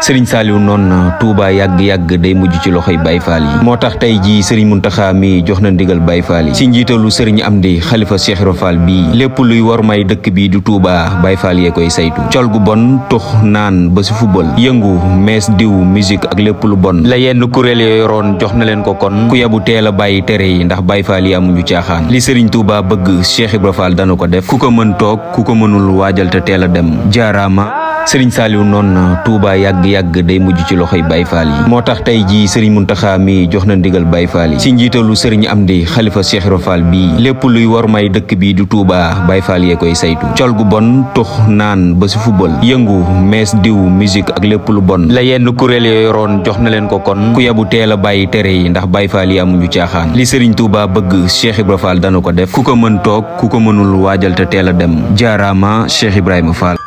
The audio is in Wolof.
serigne saliou non Touba yag yag day mujj ci loxoy fall yi motax tay ji serigne sëriñ mi jox na ndigal fall yi ci njitalu serigne Amdi khalifa Cheikh Rofal bi lepp luy wor may dekk bi du Touba fall koy saytu ciol gu bon tokh nan ba ci football yëngu mes diw musique ak lepp lu bon la yenn kurel ya yoroon jox na leen ko kon ku yabu teel a tere yi ndax fall yi amuñu caaxaan li serigne Touba bëgg Cheikh Ibra Fall dana ko def ku ko mën toog ku ko te dem jaaraama serigne Saliou non Touba yag yag day mujj ci loxoy Baye Fall yi moo tax tey jii sëriñ mi jox na ndigal Baye Fall yi si njiitalu sëriñ Amdi khalifa Cheikh rofal bi lepp luy war may dekk bi di Touba Baye Fall yee koy saytu ciol gu bon tokh nan ba ci football yengu mes diw musique ak lepp lu bon la yenn kurel ya yoroon jox na leen ko kon ku yabu teel baye tere yi ndax Baye Fall yi amuñu caaxaan li serigne Touba bëgg Cheikh Ibra Fall dana ko def ku ko mën toog ku ko mënul te teel dem Jarama Cheikh Ibrahima Fall